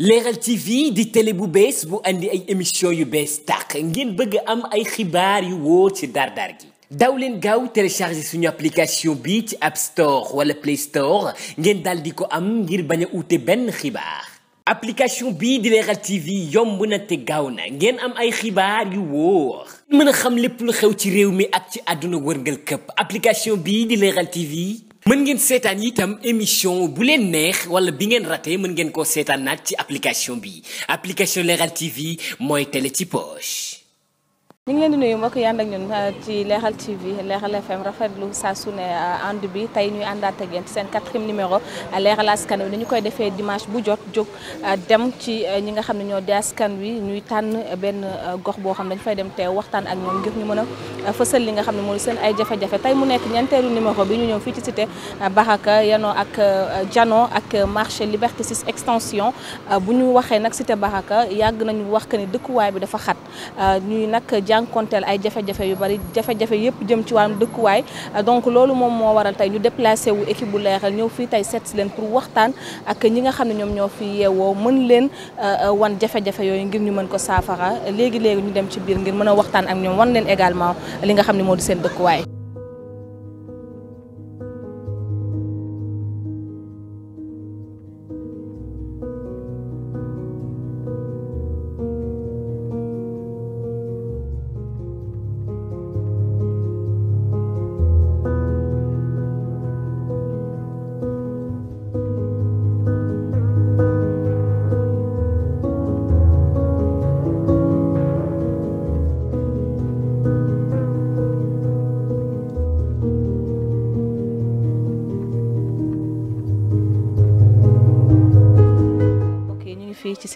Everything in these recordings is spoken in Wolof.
leeral tv di télé bu bees bu indi ay émission yu bees tàq ngeen bëgg am ay xibaar yu wóor ci dar-dar gi daw leen gaaw télécharger suñu application bi ci app store wala play store ngeen daal di ko am ngir bañ ute benn xibaar application bii di leeral tv yomb na te gaaw na ngeen am ay xibaar yu wóor mën a xam lépp lu xew ci réew mi ak ci àdduna wërngal këpp application bi di leeral tv mën ngeen seetaan itam émission bu leen neex wala bi ngeen raté mën ngeen koo naat ci application bi application Leral TV mooy télé ci poche ñu ngi leen di nuyu mbokk yi ànd ak ñun euh, ci Leral TV Leral FM rafetlu saa su ne euh, ànd bi tey ñuy àndaat ak yéen ci seen quatrième numéro euh, Leral askan wi ni koy defee dimanche bu jot jóg dem ci ñi nga xam ne ñoo di askan wi ñuy tànn benn gox boo xam dañ fay dem teew waxtaan ak ñoom ngir ñu mën a fësal li nga xam ne mooy seen ay jafe tey mu nekk ñeenteelu numéro bi ñu ñëw fii ci site Baraka yanoo ak Jano ak marché Liberté 6 extension bu ñu waxee nag cité Baraka yàgg nañu wax que ni dëkkuwaay bi dafa xat konteel ay jafe-jafe yu bari jafe-jafe yëpp jëm ci wàllum dëkkuwaay donc loolu moom moo waral tey ñu déplacé wu équipe bu leeral ñëw fii tey seet si leen pour waxtaan ak ñi nga xam ne ñoom ñoo fi yeewoo mën leen euh, euh, wan jafe-jafe yooyu ngir ñu mën ko saafara léegi-léegi ñu dem ci biir ngir mën a waxtaan ak ñoom wan leen également li nga xam ne moo di seen dëkkuwaay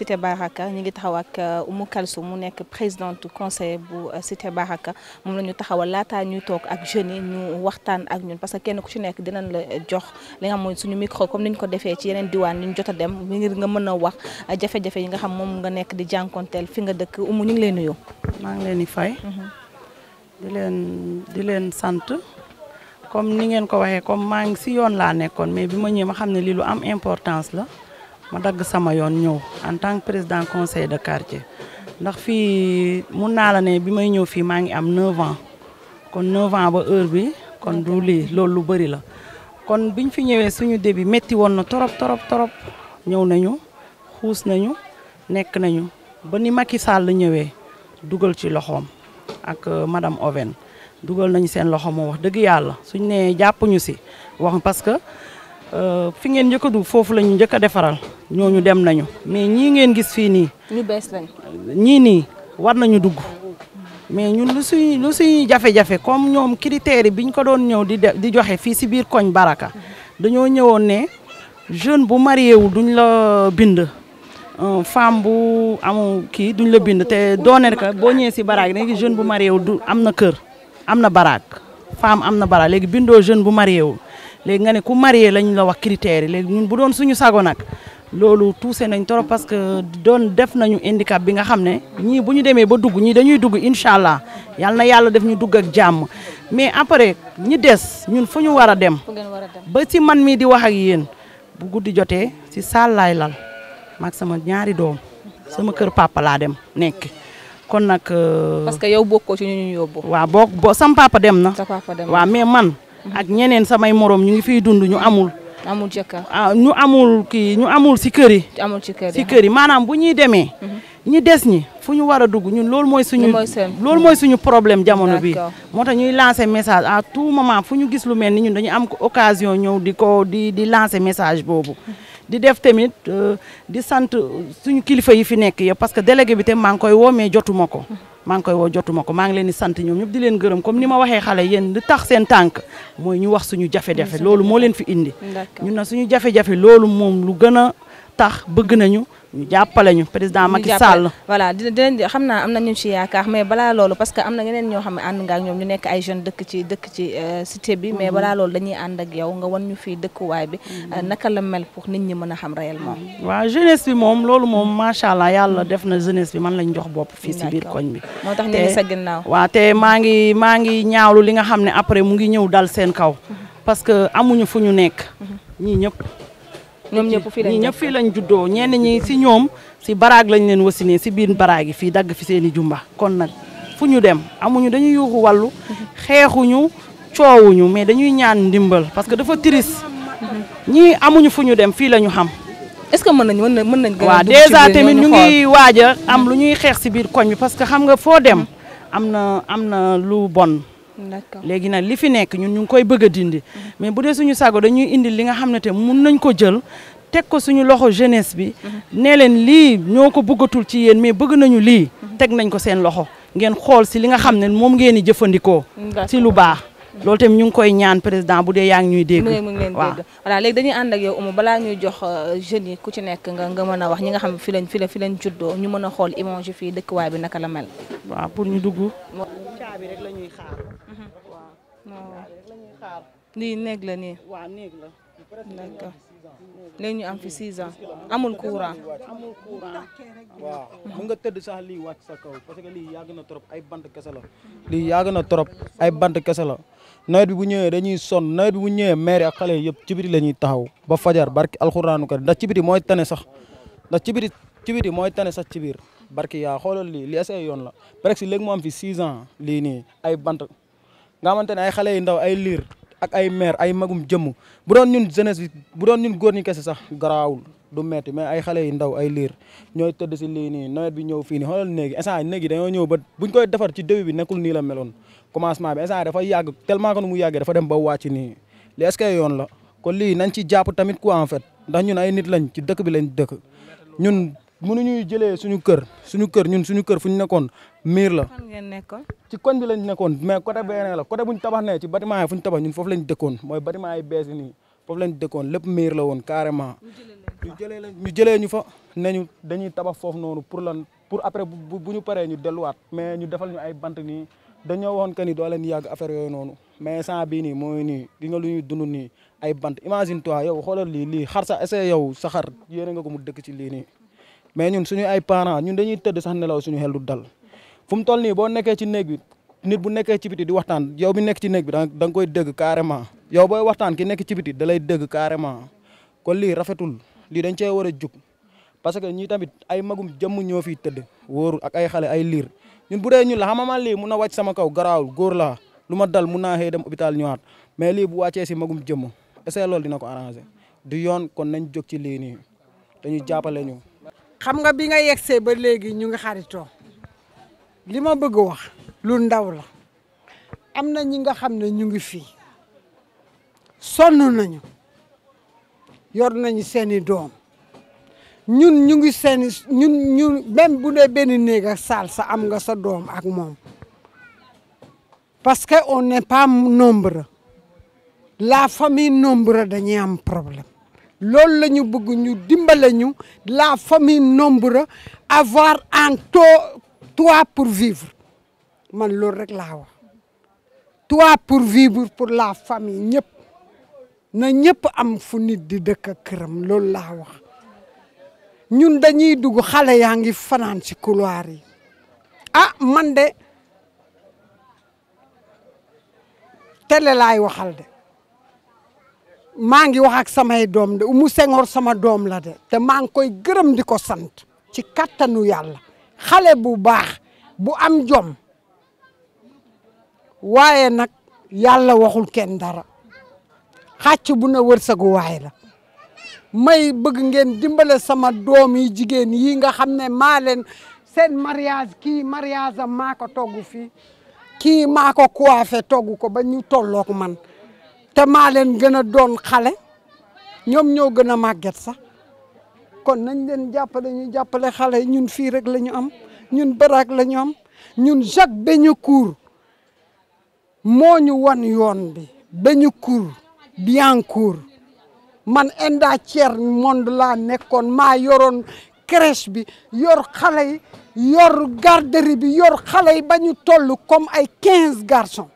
Cité Baraka ñu ngi taxaw ak euh, Oumou Kalsoum mu nekk présidente conseil bu euh, Cité Baraka moom la ñu taxawal laataa ñuy toog ak jeunes yi ñu waxtaan ak ñun parce que kenn ku ci nekk dinañ la jox li nga xam mooy suñu comme ni ñu ko defee ci yeneen diwaan yi ñu jot a dem ngir a wax jafe-jafe xam moom nga nekk di jànkonteel fi nga dëkk Oumou ñu ngi lay nuyoo. maa ngi leen di fay. Mhm. di leen di leen sant. comme ni ngeen ko waxee comme maa ngi si yoon laa nekkoon mais bi ma ñëwee ma xam ne lii lu am importance la. ma dagg sama yoon ñëw en tant président conseil de quartier ndax fii mun naa la ne bi may ñëw fii maa ngi am 9 kon 9 ba heure bi kon du lii lool lu bëri la kon biñ fi ñëwee suñu début métti woon na torop torop torop ñëw nañu xuus nañu nekk nañu ba ni Macky Sall ñëwee dugal ci loxoom ak euh, madame Oven dugal nañu seen loxo moo wax dëgg yàlla suñ nee jàppuñu si wax parce Euh, fi ngeen njëkk a dugg foofu lañu ñu njëkk a defaral ñooñu dem nañu mais ñii ngeen gis fii nii. bees lañ ñii nii war nañu dugg mais ñun lu suy lu suy jafe-jafe comme ñoom critères yi biñ ko doon ñëw di di joxe fii si biir koñ Baraka dañoo ñëwoon ne jeune bu marié wu duñ la bind. femme bu amu kii duñ la bind te dooneel ka boo ñëwee si baraag léegi jeune bu marié wu du am na kër am na baraag femme am na baraag léegi bindoo jeune bu marié wu léegi nga ne ku marié lañ la wax critères yi léegi ñun bu doon suñu sago nag loolu tuuse nañ trop parce que doon def nañu handicap bi nga xam ne ñii bu ñu demee ba dugg ñii dañuy dugg incha allah yal na yàlla def ñu dugg ak jàmm mais après ñi des ñun fu ñu war a dem ba ci man mii di wax ak yéen bu guddi jotee si saal laay lal maag sama ñaari doom sama kër papa laa dem nekk kon nag. Euh, parce que yow bokkoo ci ñu ñu yóbbu. waaw boo boo sam papa dem na. sa papa mais man. ak ñeneen samay morom ñu ngi fiy dund ñu amul. amul jëkkër ah ñu amul kii ñu amul si kër yi. amul ci kër si kër yi maanaam bu ñuy demee. Mhm. ñi des ñi fu ñu war a dugg ñun loolu mooy suñu. loolu mooy mhm. suñu problème jamono bi moo tax ñu lancer message à tout moment fu ñu gis lu mel ni ñun dañu am occasion ñëw di ko di di lancer message boobu. Mhm. di def tamit euh, di sant suñu kilifa yi fi nekk yëpp parce que délégué bi tam maa ngi koy woo mais jotuma ko. maa ngi koy woo jotuma ko maa leen di sant ñoom ñëpp di leen gërëm comme ni ma waxee xale yéen di tax seen tànk mooy ñu wax suñu jafe-jafe loolu moo leen fi indi ñu na suñu jafe-jafe loolu moom lu gën tax bëgg nañu ñu jàppale ñu président Macky Sall. dina xam naa am na ci yaakaar mais balaa loolu parce que am na ñeneen ñoo xam ne ànd nga ñu nekk ay jeunes dëkk ci dëkk ci euh, cité bi. mais mhm. balaa loolu dañuy ànd ak yow nga wan ñu fii dëkkuwaay bi. Mhm. Euh, naka la mel pour nit ñi mën a xam réellement. Mhm. waaw jeunesse bi moom loolu moom macha allah yàlla def na jeunesse bi man lañ jox bopp fii si biir koñ bi. moo tax ñu ngi sa te maa ngi maa ngi ñaawlu li nga xam ne après mu ngi ñëw dal seen kaw. parce que ñoom ñëpp fii lañ ñëpp fii lañ juddoo ñenn ñi si ñoom si baraag lañ leen wasinee si biir baraag yi fii dagg fi seeni jumba kon nag fu ñu dem amuñu dañuy yuuxu wàllu xeexuñu coowuñu mais dañuy ñaan ndimbal parce que dafa tiris ñii amuñu fu ñu dem fii la ñu xam. est-ce que mën nañu mën mën nañu gën a. tamit ñu ngi waaj a am lu ñuy xeex si biir koñ parce que xam nga foo dem am na am na lu bon. léegi nag li fi nekk ñun ñu ngi koy bëgg a dindi mhm. mais bu dee suñu sago dañuy indi li nga xam ne te mun nañ ko jël teg ko suñu loxo jeunesse bi mhm. nee leen lii ñoo ko bëggatul ci yéen mais bëgg nañu lii mhm. teg nañ ko seen loxo ngeen xool si li nga xam ne moom ngeen di jëfandikoo si lu baax loolu tamit ñu ngi koy ñaan président bu dee yaa ngi ñuy dégg. mu ngi leen dégg voilà léegi dañuy ànd ak yow Oumou balaa ñuy jox euh, yi ku ci nekk nga nga mën a wax ñi nga xam ne lañ fi lañ fi lañ ñu mën a xool image fii dëkkuwaay bi naka la mel. waaw pour ñu dugg. la ñuy xaar. lii néeg la nii. waaw néeg la. d'accord léegi ñu am fi 6 ans amul courant. mun nga tëdd sax lii wàcc sa kaw lii yàgg na trop ay bant kese la. lii yàgg na trop ay bant kese la nawet bi bu ñëwee dañuy sonn nawet bi bu ñëwee maire ak xale yëpp ci biti la ñuy taxaw ba fajar barki alxuraanu kariim ndax ci biti mooy tane sax ndax ci biti ci mooy tane sax ci biir. barki yaa xoolal lii lii essai yoon la presque léegi mu am fi six ans lii nii ay bant nga xamante ne ay xale yu ndaw ay liir ak ay mère ay magum jëmm bu doon ñun jeunesse bu doon ñun góor ñi kese sax garaawul du metti mais ay xale yu ndaw ay liir ñooy tëdd si lii nii nawet bi ñëw fii nii xoolal néegi instant néegi dañoo ñëw ba buñ koy defar ci début bi nekkul nii la meloon commencement bi instant yàgg tellement que mu yàggee dafa dem ba wàcc nii lii est-ce que kon lii nañ ci jàpp tamit quoi en fait ndax ñun ay nit lañ ci dëkk bi lañ dëkk ñun mënuñuy jëlee suñu kër suñu kër ñun suñu kër fu ñu nekkoon miir la. fan ngeen ci koñ bi lañ nekkoon mais côté beneen la côté bu ñu tabax nee ci bâtiment yi fu ñu tabax ñun foofu lañ dëkkoon mooy bâtiment yi bees yi nii foofu lañ dëkkoon lépp miir la woon carrément. ñu jëlee lañ ñu jëlee ñu fa ne ñu dañuy tabax foofu noonu pour lan pour après bu bu ñu paree ñu delluwaat mais ñu defal ñu ay bant nii dañoo waxoon que ni doo leen yàgg affaire yooyu noonu mais sant bii nii mooy nii gi nga lu ñuy dund nii ay bant imagine toi yow xoola lii lii xar sa essayé yow sa xar yéene nga ko mu dëkk ci lii nii mais ñun suñu ay parent ñun dañuy tëdd sax nelaw suñu xel du dal fu mu toll nii boo nekkee ci néeg bi nit bu nekkee ci biti di waxtaan yow bi nekk ci néeg bi da nga koy dégg carrément yow booy waxtaan ki nekk ci biti da lay dégg kon lii rafetul lii dañ cee war a jug parce que ñi tamit ay magum jëmm ñoo fiy tëdd wóoru ak ay xale ay liir ñun bu dee ñun la xamama lii mun na wàcc sama kaw garaawul góor la lu ma dal mun naa xëy dem hôpital ñëwaat mais lii bu wàccee si magum jëm est loolu dina ko arranger di yoon kon nañ jóg ci lii nii dañu jàppale ñu xam nga bi nga yegsee ba léegi ñu ngi xaritoo li ma bëgg wax lu ndaw la am na ñi nga xam ne ñu ngi fii sonn nañu yor nañu seeni doom ñun ñu ngi seeni ñun ñun même bu dee benn néeg ak saal sa am nga sa doom ak moom parce que on n'est pas nombreux la famille nombreux dañuy am problème loolu la ñu ñu dimbale ñu la famille nombre avoir un taux pour vivre man loolu rek la wax toit pour vivre pour la famille ñëpp na ñëpp am fu nit di dëkk këram loolu la wax ñun dañuy dugg xale yaa ngi fanaan si couloir yi ah man de tele lay waxal de maa ngi wax ak samay doom de Oumou Senghor sama doom la de te maa ngi koy gërëm di ko sant ci kattanu yàlla xale bu baax bu am jom waaye nag yàlla waxul kenn dara xàcc bu na wërsëgu waay la may bëgg ngeen dimbale sama doom yi jigéen yi nga xam ne maa leen seen mariage kii mariage am maa ko togg fii kii maa ko coiffé togg ko ba ñu tollook man te maa leen gën a doon xale ñoom ñoo gën a màgget sax kon nañ leen jàppale ñu jàppale xale ñun fii rek la am ñun baraak la am ñun Jacques Bencourt moo ñu wan yoon bi Bencourt Biencourt man inda tiers monde laa nekkoon maa yoroon crèche bi yor xale yi yor garderie bi yor xale yi bañu ñu toll comme ay quinze garçons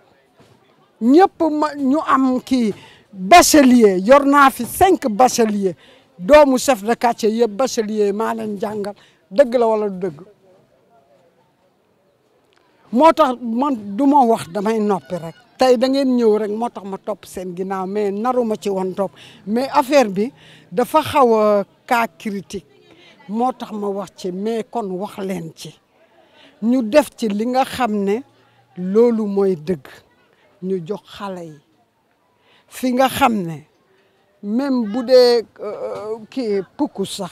ñëpp ma ñu am kii bachelier yor naa fi cinq bachelier doomu chef de quartier yëpp bachelier maa leen jàngal dëgg la wala dëgg moo tax ma duma wax damay noppi rek tey da ngeen ñëw rek moo tax ma topp seen ginnaaw mais naruma ci woon topp mais affaire bi dafa xaw a cas critique moo tax ma wax ci mais kon wax leen ci ñu def ci li nga xam ne loolu mooy dëgg ñu jox xale yi fi nga xam ne même bu de euh, kii pukku sax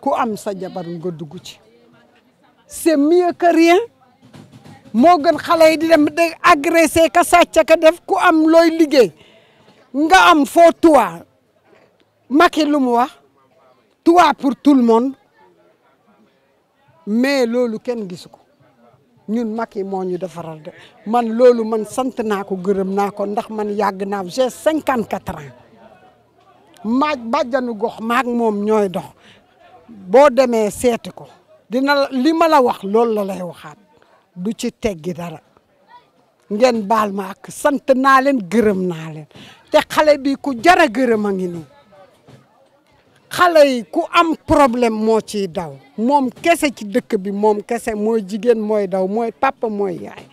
ku am sa jabar nga dugg ci c'est mieux que rien moo gën xale yi di dem di agressé ka sàcc ka def ku am looy liggéey nga am foo tuwaa Macky lu mu wax tuwaa pour tout le monde mais loolu kenn gisu ko ñun Macky moo ñu defaral de man loolu man sant naa ko gërëm naa ko ndax man yàgg naa j'ai cinquante quatre ans maaj bàjjanu gox maag moom ñooy dox boo demee seeti ko dina li ma la wax loolu la lay waxaat du ci teggi dara ngeen baal maak ak sant naa leen gërëm naa te xale bi ku jara gërëm a ngi nii xale yi ku am problème moo ciy daw moom kese ci dëkk bi moom kese mooy jigéen mooy daw mooy papa mooy yaay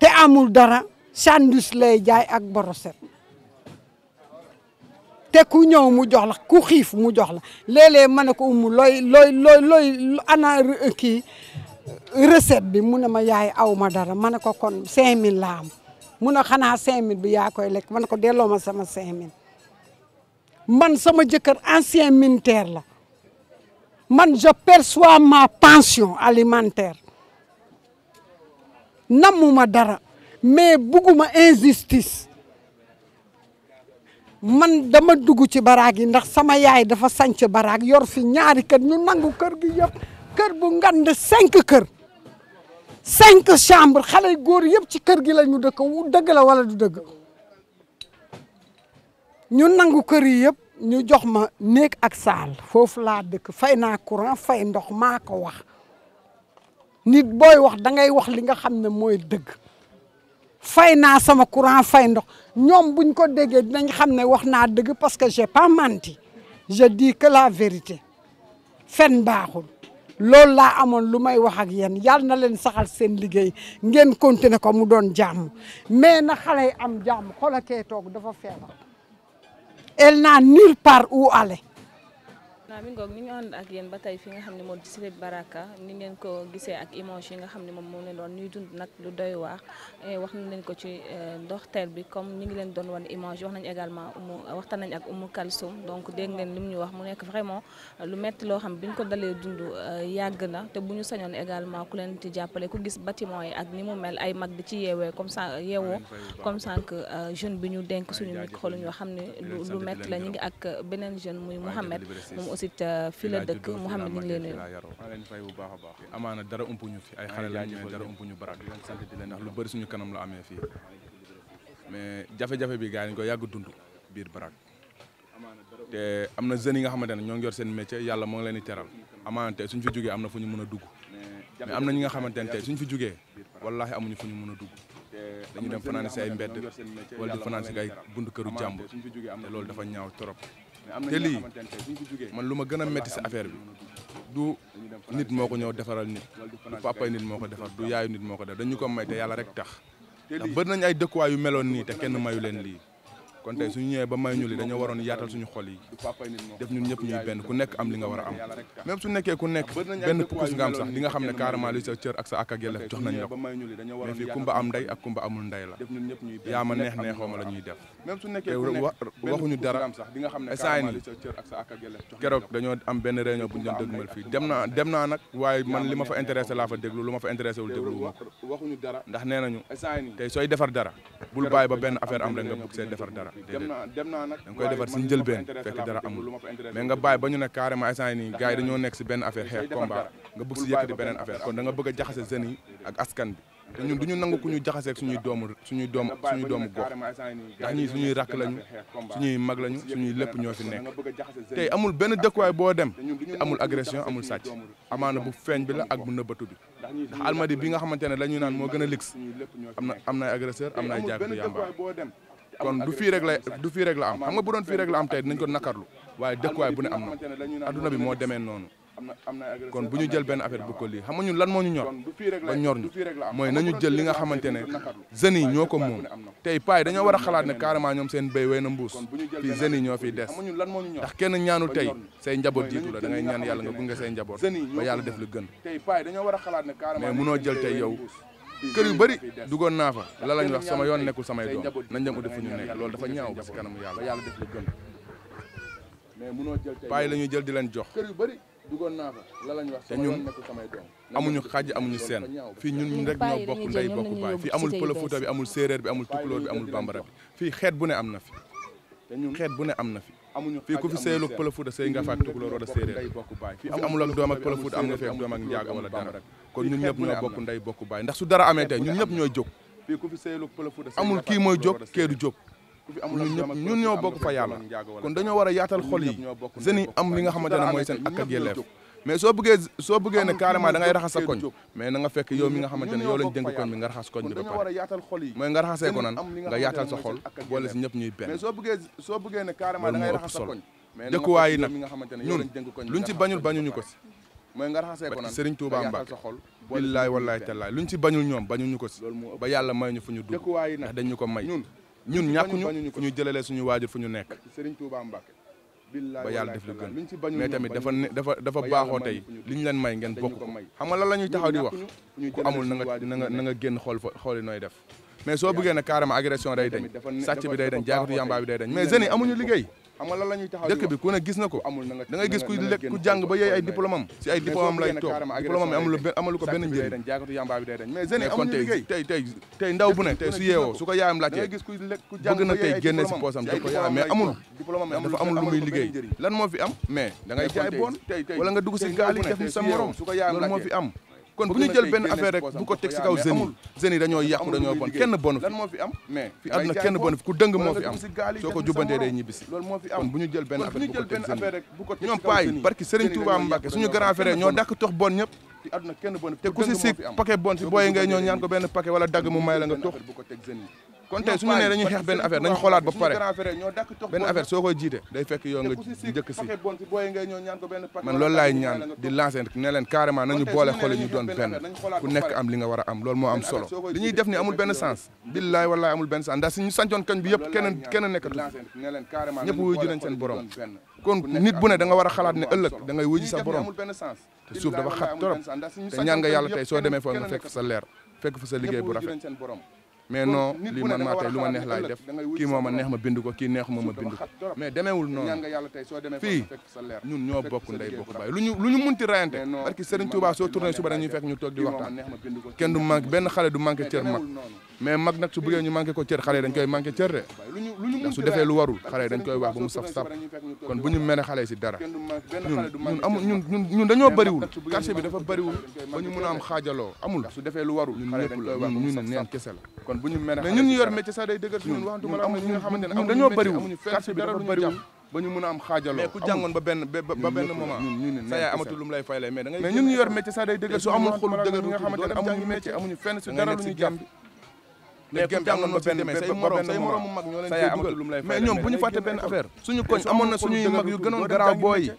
te amul dara sandwich lay jaay ak boroset te ku ñëw mu jox la ku xiif mu jox la léeg ma ne ko umu looy looy looy ana kii recette bi mu ne ma yaay aw dara ma ne ko kon 5000 la am mu ne xanaa 5000 bi yaa koy lekk ma ne ko delloo ma sama 5000 man sama jëkkër ancien militaire la man je perçois ma pension alimentaire namuma dara mais bugguma injustice man dama dugg ci baraag yi ndax sama yaay dafa sanc baraag yor fi ñaari kër ñu nangu kër gi yëpp kër bu ngand cinq kër cinq chambre xale góor yëpp ci kër gi la ñu dëkk dëgg la wala du dëgg ñu nangu kër yi yëpp ñu jox ma néeg ak saal foofu laa dëkk fay naa courant fay ndox maa ko wax nit booy wax dangay wax li nga xam ne mooy dëgg fay naa sama courant fay ndox ñoom buñ ko déggee dinañ xam ne wax naa dëgg parce que j'ai pas menti je dis que la vérité fen baaxul loolu laa amoon lu may wax ak yéen yàlla na leen saxal seen liggéey ngeen continuer ko mu doon jaamu mais na xale yi am jàmm xoolakee toog dafa feebar elle n'a nulle part où aller. naa mi ngoog ni ñu ànd ak yéen ba fi nga xam ne moo di ni ngeen ko gisee ak image yi nga xam ne moom moo leen doon ñuy dund nag lu doy waax eh, wax nañ leen ko ci eh, ndoxteel bi comme ñu ngi leen doon wan image nañ également umu waxtaan nañ ak umu kalsum donc dégg ngeen lim ñu wax mu nekk vraiment lu metti loo xam bi ñu ko dalee dund eh, yàgg na te bu ñu sañoon également ku leen ci jàppale ku gis bâtiment yi ak ni mu mel ay mag bi ci yeewee comme ça yeewoo comme ça que jeune bi ñu denk suñu micro lu ñu xam ne lu metti la ñu ngi ak beneen jeune muy Mouhamed aussi euh, fii la dëkk Mouhamed ñu ngi lay nuyu. maa leen fay bu baax a baax. amaana dara ump ñu fi ay xale la ñu dara ump ñu baraak di leen sant di leen ndax lu bëri suñu kanam la mais jafe bi gars yi ko yàgg dund biir baraak te am na jeunes yi nga xamante ne ñoo ngi yor seen métier yàlla moo ngi leen di teral amaana tey suñ fi jógee am na fu ñu mën a dugg mais am na ñi nga xamante ne tey suñ fi jógee wallaahi amuñu fu ñu mën a dugg dañu dem fanaan si ay mbedd wala di fanaan si ay buntu këru jàmbur te loolu dafa ñaaw trop te lii man lu ma gën a métti si affaire bi du nit moo ko ñëw defaral nit du papay nit moo ko defar du yaayu nit moo ko def dañu ko may te yàlla rek tax ndax bëri nañ ay dëkkuwaay yu meloon nii te kenn mayu leen lii kon tey suñu ñëwee ba may ñu dañoo waroon yaatal suñu xol def ñun ñëpp ñuy benn ku nekk am li nga war am même su nekkee ku nekk benn pukus nga sax di nga xam ne carrément li sa cër ak sa ak ak yelleef jox nañ la ko fii kumba am ndey ak kumba amul ndey la yaa neex neexoo ma ñuy def te waxuñu dara essay ni keroog dañoo am benn réunion bu ñu fii dem naa dem naa nag waaye man li ma fa intéressé laa fa déglu lu ma fa intéressé wul déglu ma ko ndax nee nañu tey dem naa dem naa nag da nga koy defar si njëlbeen fekk dara amul mais nga bàyyi ba ñu ne carrément instant yi nii gars yi dañoo nekk si benn affaire xeex si yëkkati beneen affaire kon da nga bëgg a jaxase jeunes yi ak askan bi te ñun du ñu nangu ku ñu jaxaseeg suñuy doomu doomu gox ndax ñii suñuy rakk lañu suñuy mag lañu suñuy lépp ñoo fi nekk tey amul benn dëkkuwaay boo dem te amul agression amul sàcc amaana bu feeñ bi ak bu nëbbatu bi ndax almadi bi nga xamante ne naan moo gën a lix am na am na ay am na ay jaag bu kon du fii rek la du fii rek la am xam nga bu doon fii rek la am tey dinañ ko nakarlu waaye dëkkuwaay bu ne am na adduna bi moo demee noonu kon bu ñu jël benn affaire bu ko lii lan moo ñu ñor ba ñor ñu mooy nañu jël li nga xamante ne jeunes yi ñoo ko moom tey paa dañoo war a xalaat ne carrément ñoom seen béy wey na mbuus fii jeunes yi ñoo fiy des ndax kenn ñaanul tey say njaboot jiitu la da ngay ñaan yàlla nga gunge say njaboot ba yàlla def lu gën mais munoo jël tey yow kër yu bëri duggoon naa fa la lañ wax sama yoon nekkul samay doom nañ dem uti fu ñu nekk loolu dafa ñaaw ba si kanamu yàlla paa yi la ñuy jël di leen jox te ñun amuñu xàjj amuñu seen fii ñun rek ñoo bokk ndey bokk baay fii amul pël Fuuta bi amul séeréer bi amul tukulóor bi amul bambara bi fii xeet bu ne am na fi xeet bu ne am na fi fii ku fi sëylu pël Fuuta sëy nga fa ak tukulóor wala séeréer fii amul ak doom ak pël Fuuta am nga fi ak doom kon ñun ñëpp ñoo bokk nday bokk baay ndax su dara amee tey ñun ñëpp ñooy jóg amul kii mooy jóg keedu jóg ñun ñëpp ñun ñoo fa yàlla kon dañoo war a yaatal xol yi jeunes am li nga xamante mooy seen ak ak mais soo bëggee ne carrément da ngay raxas sa koñ mais na nga fekk yow nga xamante ne yow koñ bi nga raxas koñ mooy nga raxasee ko nga yaatal sa xol boole si ñëpp ñuy benn loolu moo ëpp solo dëkkuwaay yi nag ñun luñ ci bañul bañuñu ko si mooy nga raxasee ko naan Serigne Touba Mbacke billaay wallaay tallaay luñ ci bañul ñoom bañul ñu ko si ba yàlla may ñu fu ñu dugg ndax dañ ñu ko may ñun ñun ñàkkuñu fu ñu jëlalee suñu waajur fu ñu nekk Serigne Touba Mbacke ba yàlla def lu gën mais tamit dafa dafa dafa baaxoo tey li ñu leen may ngeen bokk xam nga lan la ñuy taxaw di wax ku amul na nga na nga na def mais soo bëggee ne carrément agression day dañ sàcc bi day dañ jaakatu yamba bi day dañ mais amuñu liggéey xam nga lan la ñuy taxaw dëkk bi ku ne gis na ko amul na nga gis ku lekk ku jàng ba yey ay diplôme si ay diplôme lay toog diplôme am amul dafa amul lu muy liggéey lan moo fi am mais da ngay jaay nga dugg si gaal yi def sa morom moo fi am kon bu ñu jël benn affaire rek bu ko teg si kaw jeunes yi jeunes yi dañoo yàqu dañoo bon kenn bonu fi ku dëng moo fi am soo ko jubantee day ñibbisi kon bu ñu jël benn affaire bu ko teg ñoom paay barki Serigne Touba suñu grand frère ñoo dàkk tox bon ñëpp te ku si si paquet bon si booy ngay ñoo ñaan ko benn paquet wala dagg may la nga tox kon tey suñu nee dañuy xeex benn affaire dañu xoolaat ba pare benn affaire soo koy jiite day fekk yow nga njëkk si man loolu laay ñaan di lancer ne leen nañu boole xole ñu doon benn ku nekk am li nga war a am loolu moo am solo li ñuy def ni amul benn sens billaay wallaay amul benn sens ndax suñu sancoon kañ bi yëpp kenn kenn nekkatu ñëpp wuyu ji seen borom kon nit bu ne da war a xalaat ne ëllëg da ngay borom te suuf dafa xat torop te ñaan nga mais non lii man maa tey lu ma def kii moo ma neex ma bind ko kii neexu ma ma bind ko noonu fii ñun ñoo bokk ndey bokk baay lu ñu lu ñu munti rayante parce que Serigne Touba soo tourné suba dañuy fekk ñu toog di waxtaan kenn du manqué benn xale du manqué cër mag mais mag nag su bëggee ñu manqué ko cër xale yi dañ koy manqué cër de ndax su defee lu warul xale dañ koy wax ba mu saf saf kon bu ñu mene xale si dara ñun dañoo bëriwul quartier bi dafa bëriwul ba ñu mën a am xaajaloo amul lu a am xaajaloo mais ku jàngoon ba benn ba benn moment sa yaay amatul lu mu lay fay lay mais ñun ñu yor métier sax day dëgër su amul xolu dëgër nga xamante ne amuñu métier fenn su dara lu ñu jàpp léegi gem bi amoon na benn say morom say morom mag ñoo ñoom bu ñu fàtte benn affaire suñu koñ amoon na suñuy mag yu gënoon garaaw booy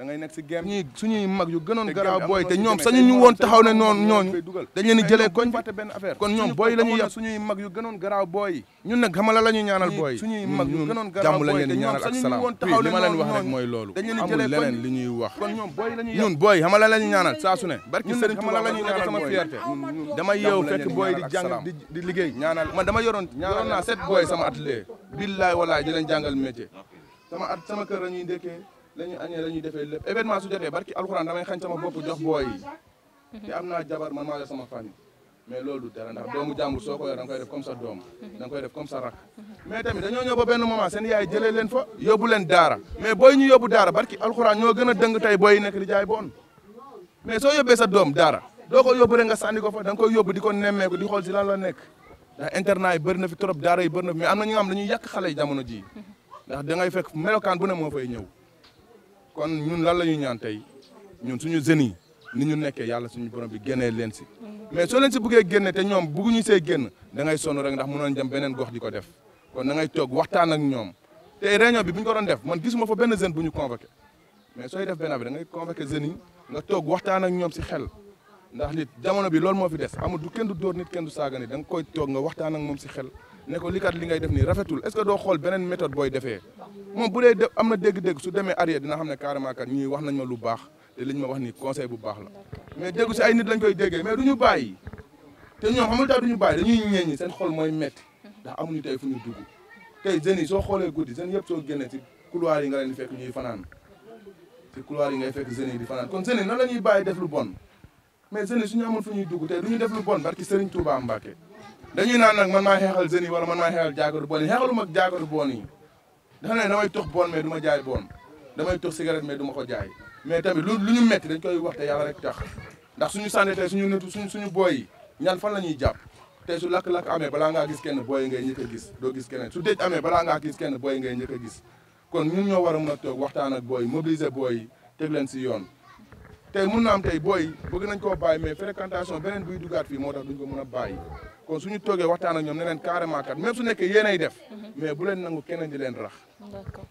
da ngay nekk si game ñii suñuy mag yu gënoon garaaw booy te ñoom sañu ñu woon taxaw ne noonu ñooñu dañ leen di jëlee koñ fàtte kon ñoom booy la ñuy yàq suñuy mag yu gënoon garaaw booy ñun nag xamala la ñuy ñaanal booy suñuy mag yu gënoon garaaw jàmm lañ leen di ñaanal ak salaam li ma leen wax rek mooy loolu amul leneen li ñuy wax kon ñoom booy la ñuy ñun booy xamala la ñuy ñaanal saa ne la ñuy ñaanal sama fierté dama yeew fekk booy di jàng di liggéey ñaanal dama yoroon yoroon naa set booy sama atelier billaay wallaay di leen jàngal métier la ñuy añee la ñuy defee lépp événement su jotee barki alxuraan damay xañ sama bopp jox booy yi am naa jabar man maa yor sama famille mais loolu dara ndax soo ko yor da nga koy def comme sa doom da nga ñëw ba benn moment seen yaay jëlee leen fa yóbbu leen daara mais booy ñu yóbbu daara barki alxuraan ñoo gën a dëng tey nekk di jaay boon mais soo yóbbee sa doom daara doo ko yóbbu rek nga sànni ko fa da nga yóbbu di ko nemmeeku di xool nekk ndax internat na fi trop daara yi bëri na fi am na ñi nga xale yi jamono ji ndax da ngay fekk melokaan bu ne moo fay ñëw kon ñun lan la ñuy ñaan tey ñun suñu jeunes yi ni ñu nekkee yàlla suñu borom bi génnee leen si mais soo leen si bëggee génne te ñoom bëgguñu see génn da ngay sonn rek ndax mënoon jëm beneen gox di ko def kon da ngay toog waxtaan ak ñoom te réunion bi bu ñu ko doon def man gisuma fa benn jeune bu ñu convoqué mais sooy def benn bi da ngay convoqué jeunes yi nga toog waxtaan ak ñoom si xel ndax nit jamono bi loolu moo fi des amul du kenn du dóor nit kenn du saaga nit da nga koy toog nga waxtaan ak moom si xel ne ko li kat li ngay def ni rafetul est ce que doo xool beneen méthode booy defee moom bu dee am na dégg-dégg su demee arrière dina xam ne carrément kat ñii wax nañ ma lu baax te liñ ma wax ni conseil bu baax la mais déggu si ay nit lañ koy déggee mais du ñu bàyyi te ñoom xamul tax du ñu bàyyi dañuy ñeeñi seen xol mooy metti ndax amuñu tey fu ñu dugg tey jeunes yi soo xoolee guddi jeunes yëpp soo génnee ci couloir yi nga leen di fekk ñuy fanaan ci couloir yi ngay fekk jeunes di fanaan kon jeunes yi nan la ñuy bàyyi def lu bon mais jeunes su suñu amoon fu ñu dugg tey du ñu def lu bon barki Serigne Touba dañuy naan nag man maa xeexal jeunes yi wala man maa xeexal jaagadu boon yi xeexalu mag jaagadu boon yi dafa ne damay tox boon mais du ma jaay boon damay tox cigarette mais du ma ko jaay mais tamit lu lu ñu metti dañ koy wax te yàlla rek tax ndax suñu santé tey suñu nëtu suñ suñu booy yi fan la ñuy jàpp tey su lak lakk amee balaa ngaa gis kenn booy ngay ñëkk gis doo gis keneen su déj amee balaa ngaa gis kenn booy ngay ñëkk a gis kon ñun ñoo war a a toog waxtaan ak booy mobiliser booy yi leen si yoon tey mun na am tey booy bëgg nañ koo bàyyi mais fréquentation beneen buy duggaat fii moo tax duñ ko mën a bàyyi kon suñu toogee waxtaan ak ñoom ne leen carrément kat même su nekkee yéenay def mhm. mais bu leen nangu keneen di leen rax d'accord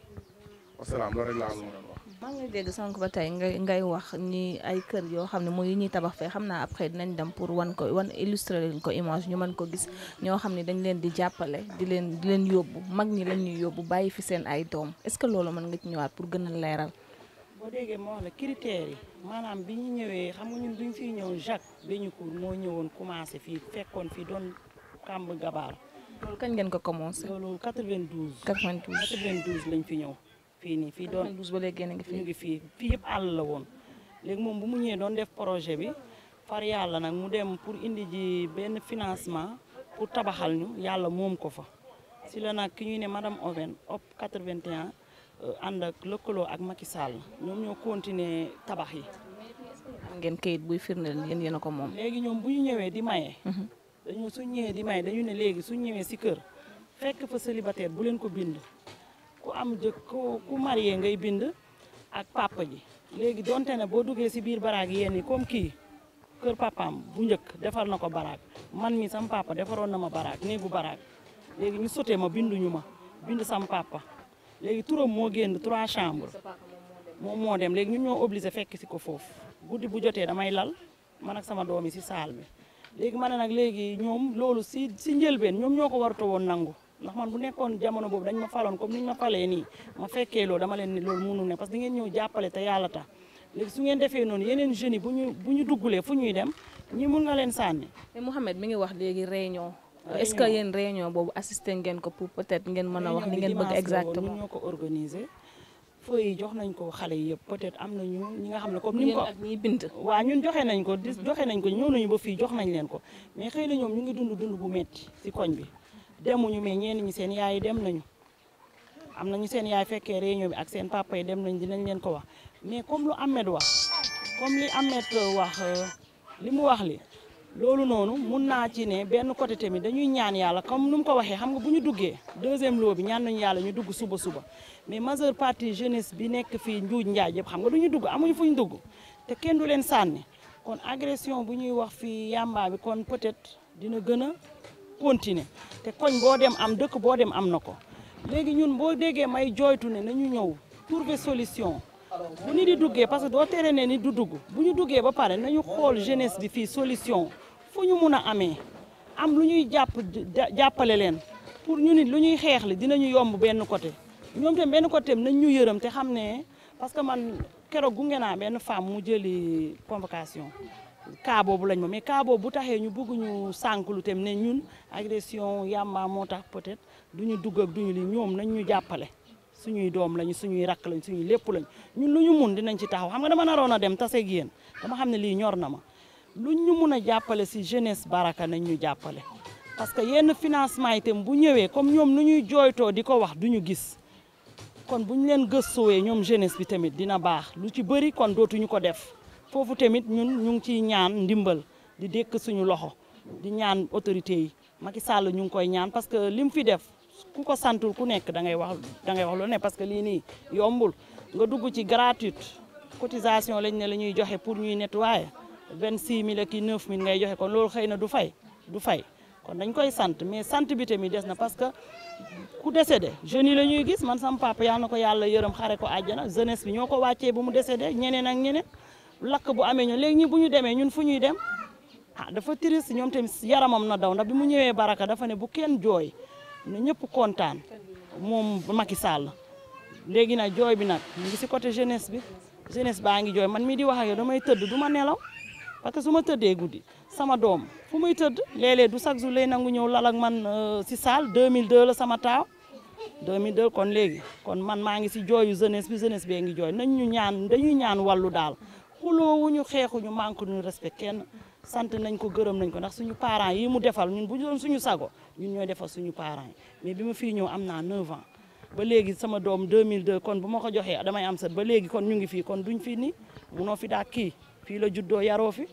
wasalaam loolu rek laa am lu sànq ba tey ngay ngay wax ni ay kër yoo xam ne mooy yi ñuy tabax fee xam naa après dinañ dem pour wan ko wan illustrer leen ko image ñu mën ko gis ñoo xam ne dañ leen di jàppale di leen di leen yóbbu mag ñi lañ ñuy yóbbu bàyyi fi seen ay doom est-ce que loolu mën nga ci ñëwaat pour gën a leeral boo déggee moo wax la critères yi maanaam bi ñu ñëwee xam nga ñun ñu fiy ñëw Jacques Bénicourt moo ñëwoon commencé fii fekkoon fii doon kàmb gabaar. loolu kañ ngeen ko commencé. loolu 92. 92 92 lañ fi ñëw. fii nii fii doon 92 ba léegi ngi fi ñu ngi fii fii yëpp àll la woon. léegi moom bu mu ñëwee doon def projet bi far yàlla nag mu dem pour indi ji benn financement pour tabaxal ñu yàlla moom ko fa. si la nag ki ñuy ne madame Oven op 81. Euh, ànd ak lëkkaloo ak Macky Sall ñoom ñoo continuer tabax yi. ngeen kayit buy firndeel yéen yéen a ko moom. léegi ñoom bu ñu ñëwee di maye. Mhm. dañu suñ ñëwee di maye dañu ne léegi suñ ñëwee si kër fekk fa célibataire bu leen ko bind ku am jëkk ku marié ngay bind ak papa ji léegi donte ne boo duggee si biir baraag yéen yi comme kii kër papaam bu njëkk defar na ko baraag man mi sam papa defaroon na ma baraag néegu baraag léegi ñu sotee ma binduñu ma bind sam papa. léegi turam moo génn trois chambres moom moo dem léegi ñun ñoo obligé fekk si ko foofu guddi bu jotee damay lal man ak sama doom yi si saal bi léegi ma ne nag léegi ñoom loolu si si njëlbeen ñoom ñoo ko warutoo woon nangu ndax man bu nekkoon jamono boobu dañ ma faloon comme ni ñu ma falee nii ma fekkee loolu dama leen ni loolu mënul ne parce que da jàppale te yàlla tax léegi su ngeen defee noonu yeneen jeunes yi bu ñu bu ñu duggulee fu ñuy dem ñi mun nga leen sànni. mais Mouhamed mi ngi wax léegi réunion est-ce que yéen réunion boobu assister ngeen ko pour peut ngeen mën a wax li ngeen bëgg exactement ñoo yi jox nañ ko xale yi yëpp peut-être am na ñu ñi nga xam ne comme ni ko ak ñiy bind waaw ko di joxe nañ ko ba fii jox nañ leen ko mais xëy na ñoom ñu ngi dund dund bu metti ci koñ bi demuñu mais ñenn ñi seen yaay dem nañu am nañu seen yaay fekkee réunion bi ak seen papa yi dem nañ dinañ leen ko wax mais comme lu Ahmed wax comme li Ahmed euh, wax euh, li mu wax li loolu noonu mun naa ci ne benn côté tamit dañuy ñaan yàlla comme nu mu ko waxee xam nga bu ñu duggee deuxième lot bi ñaan nañu yàlla ñu dugg suba suba mais majeure partie jeunesse bi nekk fii njuuj njaaj yëpp xam nga du ñu dugg amuñu fu ñu dugg te kenn du leen sànni kon agression bu ñuy wax fii yàmbaa bi kon peut-être dina gën a continuer te koñ boo dem am dëkk boo dem am na ko léegi ñun boo déggee may jooytu ne nañu ñëw trouver solution bu ñu di duggee parce que doo tere ne ni du dugg bu ñu duggee ba pare nañu xool jeunesse bi fii solution fu ñu mun a amee am lu ñuy jàpp jàppale leen pour ñu nit lu ñuy xeex li dinañu yomb benn côté ñoom tam benn côté nañ ñu yërëm te xam ne parce que man keroog gunge naa benn femme mu jëli convocation kaaboo bu lañ ma mais cas bu taxee ñu bëgg ñu sànq lu tam ne ñun agression yàmba moo tax peut-être du ñu dugg ak du ñu li ñoom nañ ñu jàppale. suñuy doom lañu suñuy rakk lañ suñuy lépp lañ ñun lu ñu mun dinañ ci taxaw xam nga dama naroon a dem taseeg yéen dama xam ne lii ñor na ma lu ñu mun a jàppale si jeunesse baraka nañ ñu jàppale parce que yenn financement itam bu ñëwee comme ñoom nu ñuy jooytoo di ko wax du ñu gis kon bu ñu leen gëstuwee ñoom jeunesse bi tamit dina baax lu ci bëri kon dootuñu ko def foofu tamit ñun ñu ngi ciy ñaan ndimbal di dékk suñu loxo di ñaan autorité yi Macky Sall ñu ngi koy ñaan parce que li mu fi def ku ko santul ku nekk da ngay wax da ngay wax lu ne parce que lii nii yombul nga dugg ci gratuite cotisation lañ ne la ñuy joxe pour ñuy waaye vingt six mille ak i neuf mille ngay joxe kon loolu xëy na du fay du fay kon dañ koy sant mais sant bi mi des na parce que ku décédé jeunes yi la ñuy gis man sama papa yal na ko yàlla yërëm xare ko àjjana jeunesse bi ñoo ko wàccee bu mu décédé ñeneen ak ñeneen lakk bu amee ñu léegi ñi bu ñu demee ñun fu ñuy dem ah dafa triste ñoom tamit yaramam na daw ndax bi mu ñëwee baraka dafa ne bu kenn jooy na ñëpp kontaan moom Macky Sall léegi nag jooy bi nag mu si côté jeunesse bi jeunesse baa ngi jooy man mii di wax ak yow damay tëdd du ma nelaw parce que su ma tëddee guddi sama doom fu may tëdd léeg du chaque jour lay nangu ñëw lal ak man si euh, salle 2002 la sama taaw 2002 kon léegi kon man maa ngi si jooyu jeunesse bi jeunesse bee ngi jooy nañ ñu ñaan dañuy ñaan wàllu daal xulóowuñu xeexuñu manque ñu respect kenn sant nañ ko gërëm nañ ko ndax suñu parents yi mu defal ñun bu doon suñu sago ñun ñooy defal suñu parents yi mais bi ma fii ñëw am na 9 ans ba léegi sama doom 2002 kon bu ma ko joxee damay am sët ba léegi kon ñu ngi fii kon duñ fii nii munoo fi daa ki fii la juddoo yaroo fi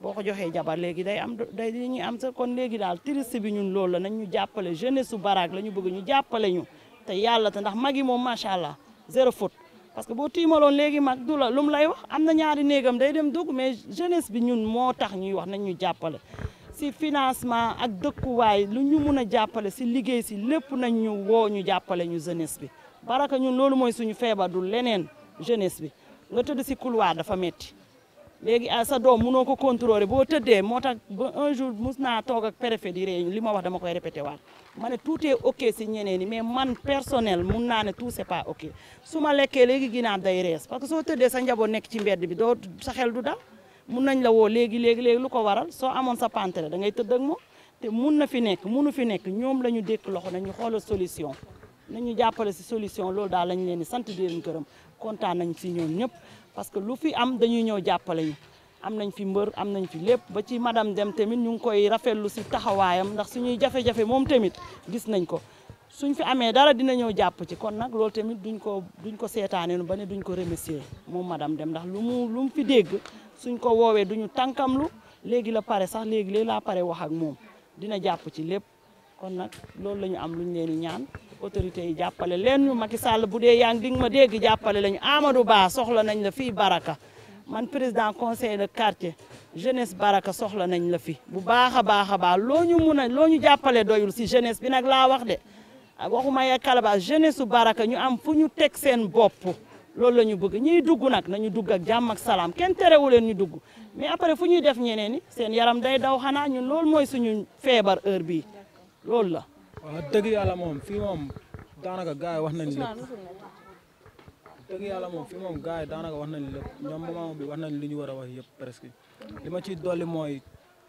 boo ko joxee jabar léegi day am day ñuy am sët kon léegi daal triste bi ñun loolu la nañ ñu jàppale jeunesse su baraag la ñu bëgg ñu jàppale ñu te yàlla te ndax mag yi moom macha allah zéro faute parce que boo tiimaloon léegi mag du la lay wax am na ñaari néegam day dem dugg mais jeunesse bi ñun moo tax ñuy wax nañ ñu jàppale si financement ak dëkkuwaay lu ñu mun a jàppale si liggéey si lépp nañ ñu woo ñu jàppale ñu jeunesse bi baraka ñun loolu mooy suñu feebar du leneen jeunesse bi nga tëdd si couloir dafa metti léegi ah sa doom mënoo ko contrôler boo tëddee moo tax ba un jour mus naa toog ak préfet di li ma wax dama koy répété waat ma ne tout est ok si ñeneen ñi mais man personnel mun naa ne tout c'est pas ok su ma lekkee léegi ginaar day rees parce que soo tëddee sa njaboot nekk ci mbedd bi doo sa xel du dal mun nañ la woo léegi léegi léegi lu ko waral soo amoon sa pantere da ngay tëdd ak moom te mun na fi nekk munu fi nekk ñoom la ñu dékk loxo nañu xoolal solution nañu jàppale si solution loolu daal lañu leen di sant di leen gërëm kontaan nañu si ñoom ñëpp parce que lu fi am dañuy ñëw jàppale ñu am nañ fi mbër am nañ fi lépp ba ci madam dem tamit ñu ngi koy rafetlu si taxawaayam ndax suñuy jafe-jafe moom tamit gis nañ ko suñ fi amee dara dina ñëw jàpp ci kon nag loolu tamit duñ ko duñ ko seetaanee ba ne duñ ko remercier moom madame Deme ndax lu mu lu fi dégg suñ ko woowee duñu tànkamlu léegi la pare sax léegi léegi laa pare wax ak moom dina jàpp ci lépp kon nag loolu la ñu am lu ñu leen di ñaan autorité yi jàppale leen ñu Macky Sall bu dee yaa ngi ma dégg jàppale lañu Amadou Ba soxla nañ la fii Baraka. man président conseil de quartier jeunesse baraka soxla nañ la fi bu baax a baax a baax loo ñu mun a loo ñu jàppale doyul si jeunesse bi nag laa wax de ah, waxuma ya kalaba jeunesse su baraka ñu am fu ñu teg seen bopp loolu la ñu bëgg ñuy dugg nag nañu dugg ak jàmm ak salaam kenn terewu leen ñu dugg mais après fu ñuy def ñeneen ni seen yaram day daw xanaa ñun loolu mooy suñu feebar heure bii loolu la. moom fii moom daanaka gars wax nañ dëgg yàlla moom fi moom gars yi daanaka wax nañ lépp ñoom moment bi wax nañ li ñu war a wax yëpp presque li ma ciy dolli mooy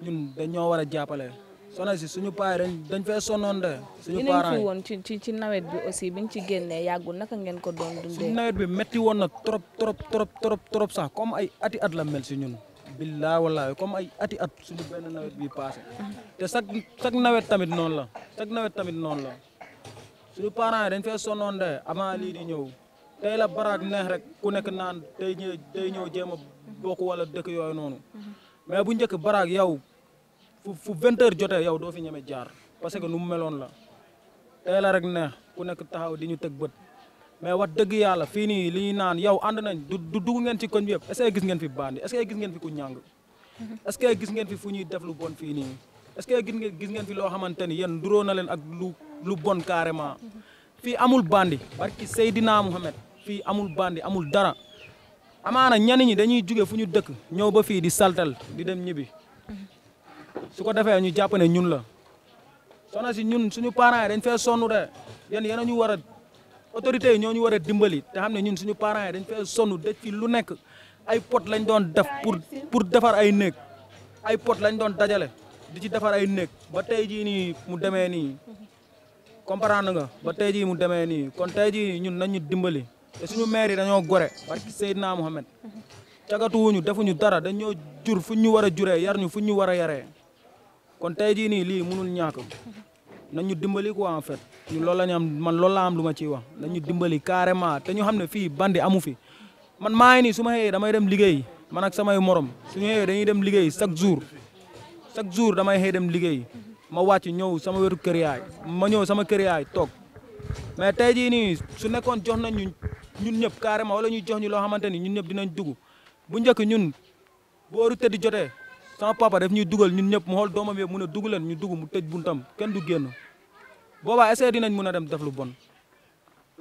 ñun dañoo war a jàppale soxna suñu paa dañ dañ fee sonnoon de suñu parents woon ci ci ci nawet bi aussi biñ ci génnee yàggul naka ngeen ko doon nawet bi métti woon na trop trop trop trop trop sax comme ay ati at la mel si ñun billaa comme ay ati at suñu benn nawet bi te chaque chaque nawet tamit noonu la chaque nawet tamit noonu la lii di ñëw tey la baraag neex rek ku nekk naan day ñëw day ñëw jéem a bokk wala dëkk yooyu noonu mais bu njëkk baraag yow fu fu vingt jotee yow doo fi ñeme jaar parce que nu mu meloon la tey la rek neex ku nekk taxaw di ñu teg bët mais wax dëgg yàlla fii nii li ñuy naan yow ànd nañ du du dugg ngeen ci koñ bi yëpp est gis ngeen fi bandi est-ce que gis ngeen fi ku ñàng est-ce que gis ngeen fi fu ñuy def lu bon fii nii est que gis ngeen gis ngeen fi loo xamante ni yéen duróo na leen ak lu lu bon carrément fii amul bandi barki Seydina Mohamed fii amul bandi amul dara amaana ñenn ñi dañuy juge fu ñu dëkk ñëw ba fii di saltal di dem ñibi su ko defee ñu jàpp ne ñun la soxna si ñun suñu parents yi dañ fee sonn de yéen yéen ñu war a autorités ñoo ñu war a dimbali te xam ne ñun suñu parents yi dañ fee sonn dëj fi lu nekk ay pot lañ doon def pour pour defar ay néeg ay pot lañ doon dajale di ci ay néeg ba tey jii mu demee comprendre nga ba tey jii mu demee nii kon tey jii ñun nañu dimbali te suñu maire yi dañoo gore barki Seydina Mohamed cagatuwuñu defuñu dara dañoo jur fu ñu war a juree yar ñu fu ñu war a yaree kon tey jii nii lii mënul ñàkk nañu dimbali quoi en fait ñu loolu la man loolu la am lu ma ciy wax nañu dimbali carrément te ñu xam ne fii bandi amu fi man maa ngi nii su ma xëyee damay dem liggéey man ak samay morom suñu xëyee dañuy dem liggéey chaque jour chaque jour damay xëy dem liggéey ma wàcc ñëw sama wéru kër yaay ma ñëw sama kër yaay toog mais tey jii nii su nekkoon jox nañ ñu ñun ñëpp carrément wala ñuy jox ñu loo xamante ni ñun ñëpp dinañ dugg bu njëkk ñun booru tëdd jotee sama papa daf ñuy dugal ñun ñëpp mu xool doomam yëpp mun a dugg leen ñu dugg mu tëj buntam kenn du génn boobaa essayé dinañ mun a dem def lu bon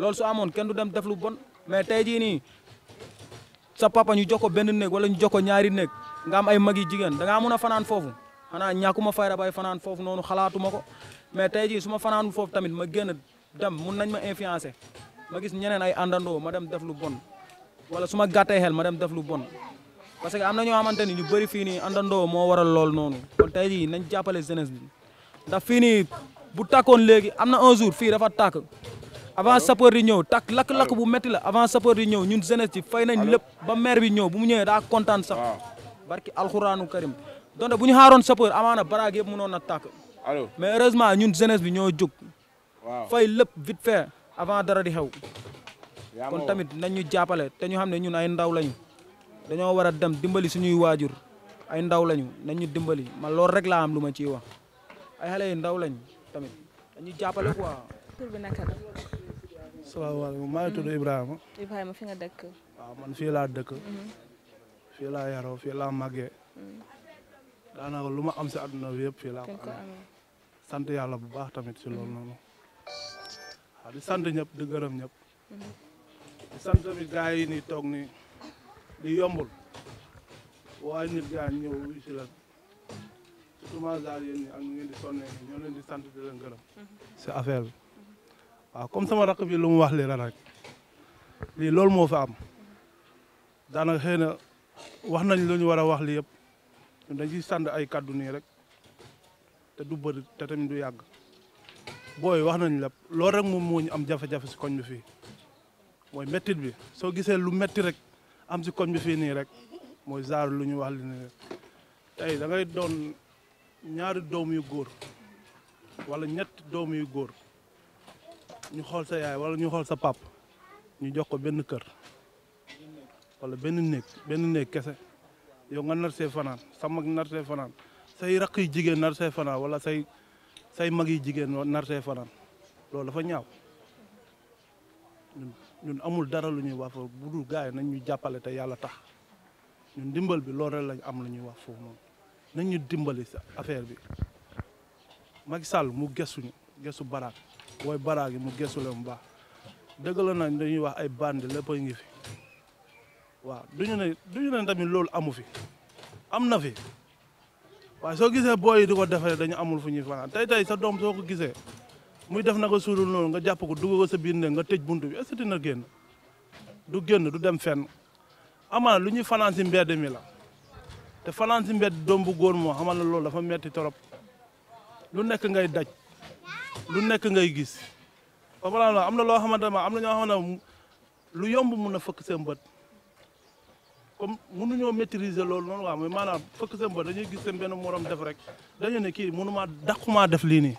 loolu su amoon kenn du dem def lu bon mais tey jii nii sa papa ñu jox ko benn néeg wala ñu jox ko ñaari néeg nga am ay mag yi jigéen da mun a fanaan foofu. xanaa ñàkkuma fayra bay fanaan foofu noonu xalaatuma ko mais tey jii suma fanaan foofu tamit ma génn dem mun nañ ma influencer ma gis ñeneen ay àndandoo ma dem def lu bon wala su ma gàttee xel ma dem def lu bon parce que am na ñoo xamante ni ñu bëri fii nii àndandoo moo waral lool noonu kon tey jii nañ jàppale jeunesse bi ndax fii nii bu tàkkoon léegi am na un jour fii dafa tàkk avant sapeur di ñëw tàkk lakk-lakk bu métti la avant sapeur di ñëw ñun jeunesse ci fay na lépp ba maire bi ñëw bu mu ñëwee daa kontaan sax barki alxuraanu karim donte bu ñu xaaroon sapeur amaana baraag yëpp noon na tàkk. allo mais heureusement ñun jeunesse bi ñoo jug waaw fay lépp vite fait avant dara di xew. kon tamit nañ ñu jàppale te ñu xam ne ñun ay ndaw lañu. dañoo war a dem dimbali suñuy waajur ay ndaw lañu nañ ñu dimbali ma loolu rek laa am lu ma ciy wax ay xale yu ndaw lañ tamit dañu jàppale quoi. tur bi naka la. Ibrahima. Ibrahima nga dëkk. man fii laa dëkk. Mhm. fii laa yaroo fii laa màggee. Mhm. daanaka lu ma am si àdduna bi yëpp fii laa sant yàlla bu baax tamit si loolu mm-hmm. noonu waaw di sant ñëpp di gërëm ñëpp mm-hmm. di sant tamit gars yi ni toog ni di yombul waaye nit gars ñëw wi si la surtout magar yéen ñi ngeen di sonnee ni di sant di leen gërëm mm-hmm. si affaire bi waaw comme sama rakk bi lu mu wax lii rek lii loolu moo fa am daanaka xëy na wax nañ lu ñu war a wax lii yëpp dañ ciy sànd ay kàddu nii rek te du bëri te tamit du yàgg booy wax nañ la loolu rek moom moo ñu am jafe-jafe si koñ bi fii mooy mettit bi soo gisee lu metti rek am si koñ bi fii nii rek mooy genre lu ñu wax li nii rek tey da ngay doon ñaari doom yu góor wala ñett doom yu góor ñu xool sa yaay wala ñu xool sa pap ñu jox ko benn kër wala benn néeg benn néeg kese yow nga nar see fanaan sa mag nar see fanaan say rakk yu jigéen nar see fanaan wala say say mag yu jigéen nar see fanaan loolu dafa ñaaw ñun amul dara lu ñuy waafoo foofu bu dul nañ ñu jàppale te yàlla tax ñun dimbal bi loolu rek lañ am lu ñuy wax foofu noonu nañ ñu dimbali sa affaire bi mag Sall mu gëstuñu gëstu baraag woy baraag yi mu gëstu mu baax dëgg la nañ dañuy wax ay bandi lépp a ngi fi. waaw du ñu ne du ñu tamit loolu amu fi am na fi waaye soo gisee booy di ko defee dañu amul fu ñuy fanaan tey tey sa doom soo ko gisee muy def na ko suudul noonu nga jàpp ko dugg sa biir ne nga tëj buntu bi est-ce que dina génn du génn du dem fenn amaana lu ñuy fanaan si mbedd mila la te fanaan si mbedd doom bu góor moo xamal na loolu dafa metti torop lu nekk ngay daj lu nekk ngay gis ba am na loo xamante ne am na ñoo xamante lu yomb mu na fëkk seen bët. comme mënuñoo maîtriser loolu noonu waaw mooy maanaam fëkk seen ba dañuy gis seen benn morom def rek dañu ne kii mënumaa dàqumaa def lii nii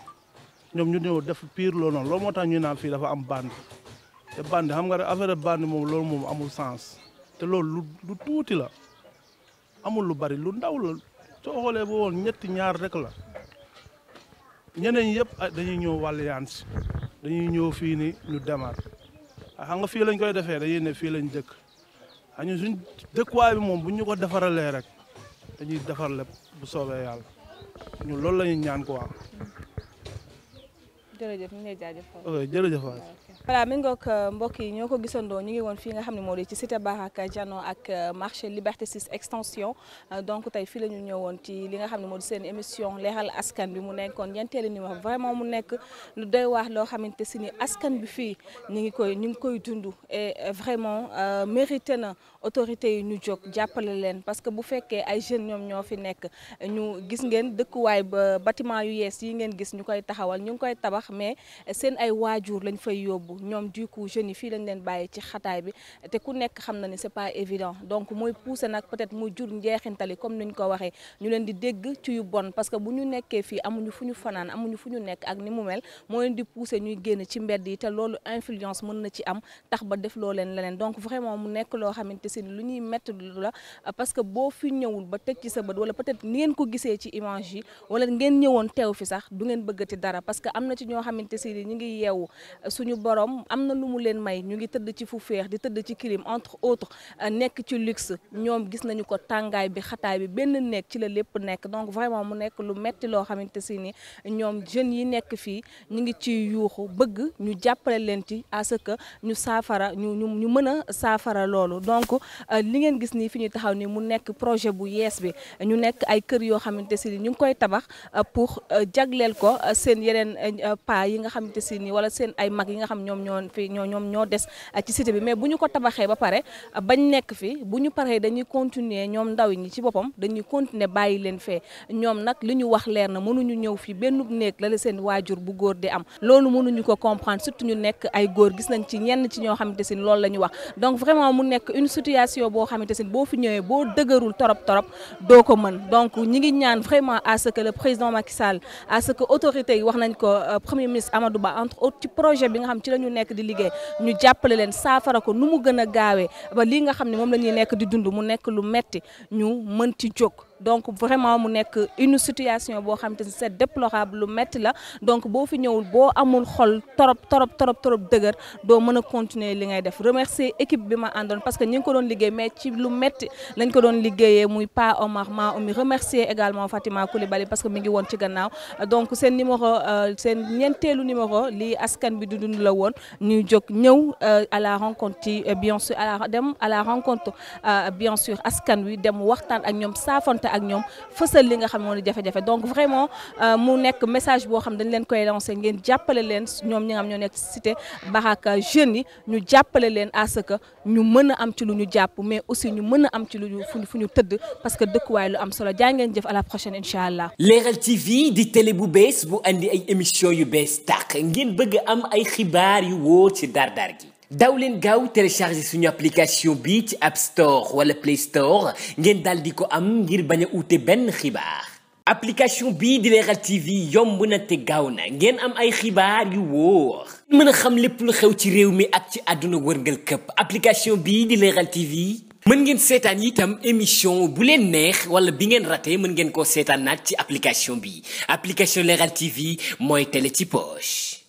ñoom ñu ñëw def piir loolu noonu loolu moo tax ñu naan fii dafa am bandi te bandi xam nga rek affaire bandi moom loolu moom amul sens te loolu lu tuuti la amul lu bari lu ndaw la soo xoolee woon ñetti ñaar rek la ñeneen yëpp ah, dañuy ñëw wàlliyaan dañuy ñëw fii ni ñu demar ah, xam nga fii lañ koy defee dañuy ne fii lañ dëkk añu suñ dëkkuwaay bi moom bu ñu ko defaralee rek dañuy defar lépp bu soobee yàlla ñu loolu la ñuy ñaan quoi jërëjëf ñu ngi lay jaajëfal ok jërëjëf waay voilà mi ngoog euh, mbokk yi ñoo ko gisandoo ñu ngi woon fii nga xam ne moo di ci si cité Baraka Diano ak euh, marché Liberté 6 extension euh, donc tey fii la ñu woon ci li nga xam ne moo di seen émission leeral askan bi mu nekkoon ñeenteelu ni wax vraiment mu nekk lu doy waax loo xamante si ni askan bi fii ñu ngi koy ñu ngi koy dund vraiment mérité na autorités yi ñu jóg jàppale leen parce que bu fekkee ay jeunes ñoom ñoo fi nekk ñu gis ngeen dëkkuwaay ba bâtiment yu yees yi ngeen gis ñu koy taxawal ñu ngi koy tabax mais seen ay waajur lañ fay yóbbu ñoom du coup jeunes yi fii lañ leen bàyyi ci xataay bi te ku nekk xam na ne c'est pas évident donc mooy pousser nag peut mu jur njeexintali comme niñ ko waxee ñu leen di dégg ci yu bon parce que bu ñu nekkee fii amuñu fu ñu fanaan amuñu fu ñu nekk ak ni mu mel moo leen di pousser ñuy génn ci mbedd yi te loolu influence mën na ci am tax ba def loo leen leneen donc vraiment mu nekk si lu ñuy métti la parce que boo fi ñëwul ba teg ci sa bët wala peut-être ni ngeen ko gisee ci image yi wala ngeen ñëwoon teew fi sax du ngeen bëggati dara parce que am na ci ñoo xamante si ñu ngi yeewu suñu boroom am na lu mu leen may ñu ngi tëdd ci fu feex di tëdd ci crime entre autres euh, nekk ci luxe ñoom gis nañu ko tàngaay bi xataay bi benn nekk ci la lépp nekk donc vraiment mu nekk lu metti loo xamante si ni ñoom jeunes yi nekk fii ñu ngi ci yuuxu bëgg ñu jàppale leen ci à que ñu saafara ñu ñu mën a saafara loolu li euh, ngeen gis nii fi ñu taxaw ni mu nekk projet bu yees bi ñu nekk ay kër yoo xamante si ni ñu ngi koy tabax euh, pour euh, jagleel ko seen yeneen pa yi nga xamante si ni wala seen ay mag yi nga xam ñoom ñoo fi ñoo ñoom ñoo des ci bi mais bu ñu ko tabaxee ba pare bañ nekk fi bu ñu paree dañuy continuer ñoom ndaw ñi ci boppam dañuy continuer bàyyi leen fee ñoom nag li ñu wax leer na mënuñu ñëw fii benn néeg la la seen waajur bu góor di am loolu mënuñu ko comprendre surtout ñu nekk ay góor gis nañ ci ñenn ci ñoo xamante si loolu la ñu wax donc vraiment mu nekk situation boo xamante ne boo fi ñëwee boo dëgërul torop torop doo ko mën donc ñi ngi ñaan vraiment à ce que le président Macky Sall à que autorité wax nañ ko euh, premier ministre Amadou Ba entre autres ci projet bi nga xam ci la ñu nekk di liggéey ñu jàppale leen saafara ko nu mu gën a gaawee ba lii nga xam ne moom la ñuy nekk di dund mu nekk lu metti ñu mën ci jóg. donc vraiment mu nekk une situation boo xam te ni c'est déplorable lu metti la donc boo fi ñëwul boo amul xol trop trop trop torop dëgër doo mën a continuer li ngay def remercier équipe bi ma àndoon parce que ñi ngi ko doon liggéey mais ci lu metti lañ ko doon liggéeyee muy Pa Omar Ma Oumi remercier également Fatima Koulibaly parce que mi ngi woon ci gannaaw donc seen numéro euh, seen ñeenteelu numéro lii askan bi du dund la woon ñuy jog ñëw euh, à la rencontre ci euh, bien sûr à dem à la rencontre askan wi dem waxtaan ak ñoom ak ñoom fësal li nga xam nu jafe-jafe donc vraiment euh, mu nekk message boo xam dañ leen koy lancé ngeen jàppale leen ñoom ñi nga xam ñoo nekk cité Baraka jeunes yi ñu jàppale leen à que ñu mën a am ci lu ñu jàpp mais aussi ñu mën a am ci lu ñu fu ñu tëdd parce que dëkkuwaay lu am solo jaa ngeen jëf à la prochaine incha allah. Leral TV di télé bu bees bu indi ay émission yu bees tàq ngeen bëgg am ay xibaar yu wóor ci dar-dar gi. daw leen gaaw télécharger suñu application bi ci App Store wala Play Store ngeen daal di ko am ngir bañ a uute benn xibaar application bii di Leral TV yomb na te gaaw na ngeen am ay xibaar yu wóor mën a xam lépp lu xew ci réew mi ak ci àdduna wërngal këpp application bii di Leral TV mën ngeen seetaan itam émission bu leen neex wala bi ngeen raté mën ngeen koo seetaanaat ci application bi application Leral TV mooy tele ci poche